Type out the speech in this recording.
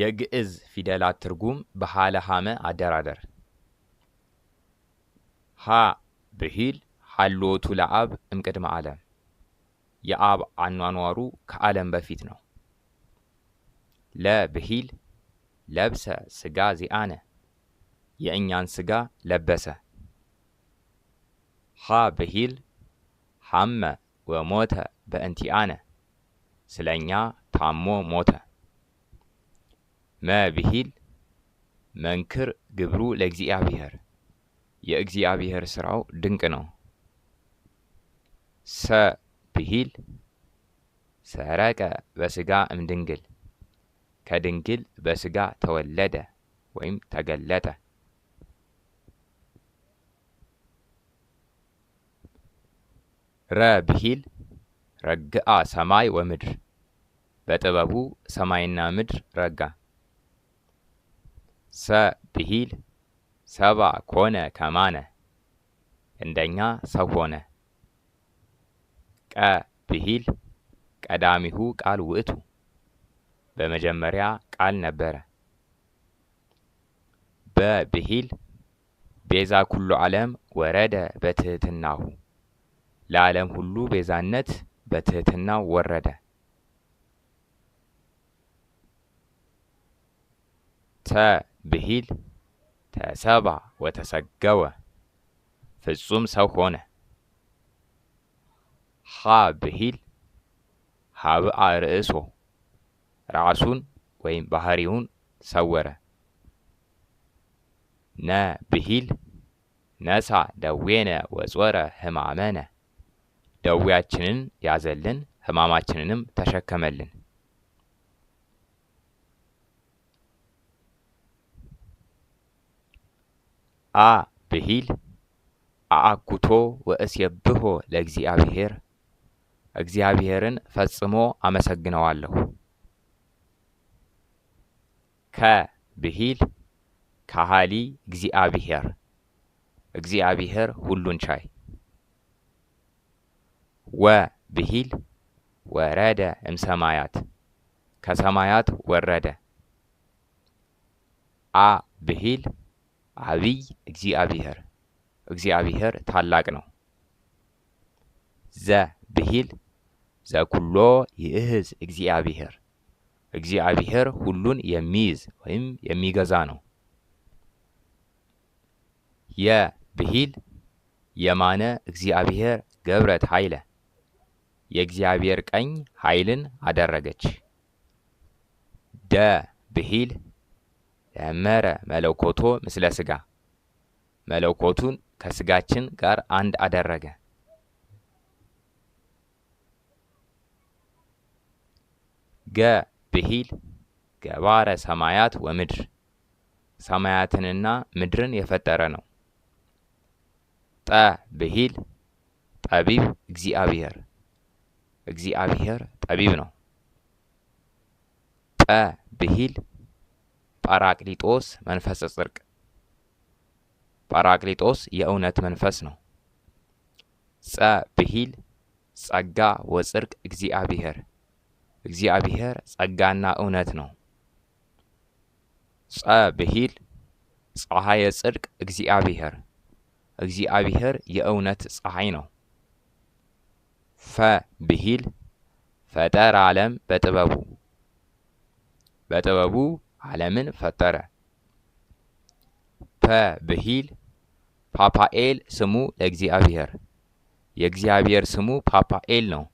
የግዕዝ ፊደላት ትርጉም በሃለ አደራደር ሀ ብሂል ሀሎቱ ለአብ እምቅድመ ዓለም የአብ አኗኗሩ ከዓለም በፊት ነው። ለ ብሂል ለብሰ ስጋ ዚአነ የእኛን ስጋ ለበሰ። ሀ ብሂል ሐመ ወሞተ በእንቲአነ ስለ እኛ ታሞ ሞተ። መብሂል መንክር ግብሩ ለእግዚአብሔር የእግዚአብሔር ስራው ድንቅ ነው። ሰ ብሂል ሰረቀ በስጋ እምድንግል ከድንግል በስጋ ተወለደ ወይም ተገለጠ። ረ ብሂል ረግአ ሰማይ ወምድር በጥበቡ ሰማይና ምድር ረጋ። ሰ ብሂል ሰባ ኮነ ከማነ እንደኛ ሰው ሆነ። ቀ ብሂል ቀዳሚሁ ቃል ውእቱ በመጀመሪያ ቃል ነበረ። በ ብሂል ቤዛ ኩሉ ዓለም ወረደ በትህትናሁ ለዓለም ሁሉ ቤዛነት በትህትናው ወረደ። ተ ብሂል ተሰባ ወተሰገወ ፍጹም ሰው ሆነ። ሃ ብሂል ሀብአ ርእሶ ራሱን ወይም ባህሪውን ሰወረ። ነ ብሂል ነሳ ደዌነ ወጾረ ህማመነ ደዌያችንን ያዘልን ህማማችንንም ተሸከመልን። አ ብሂል አአኩቶ ወእሴብሖ ለእግዚአብሔር እግዚአብሔርን ፈጽሞ አመሰግነዋለሁ። ከ ብሂል ካሃሊ እግዚአብሔር እግዚአብሔር ሁሉን ቻይ። ወ ብሂል ወረደ እምሰማያት ከሰማያት ወረደ። አ ብሂል አብይ እግዚአብሔር እግዚአብሔር ታላቅ ነው። ዘ ብሂል ዘኩሎ ይእህዝ እግዚአብሔር እግዚአብሔር ሁሉን የሚይዝ ወይም የሚገዛ ነው። የ ብሂል የማነ እግዚአብሔር ገብረት ኃይለ የእግዚአብሔር ቀኝ ኃይልን አደረገች። ደ ብሂል ያመረ መለኮቶ ምስለ ስጋ መለኮቱን ከስጋችን ጋር አንድ አደረገ። ገ ብሂል ገባረ ሰማያት ወምድር ሰማያትንና ምድርን የፈጠረ ነው። ጠ ብሂል ጠቢብ እግዚአብሔር እግዚአብሔር ጠቢብ ነው። ጠ ብሂል ጳራቅሊጦስ መንፈሰ ጽድቅ። ጳራቅሊጦስ የእውነት መንፈስ ነው። ጸ ብሂል ጸጋ ወጽድቅ እግዚአብሔር እግዚአብሔር ጸጋና እውነት ነው። ጸ ብሂል ፀሐየ ጽድቅ እግዚአብሔር እግዚአብሔር የእውነት ፀሐይ ነው። ፈ ብሂል ፈጠር ዓለም በጥበቡ በጥበቡ ዓለምን ፈጠረ። ፐ ብሂል ፓፓኤል ስሙ ለእግዚአብሔር የእግዚአብሔር ስሙ ፓፓኤል ነው።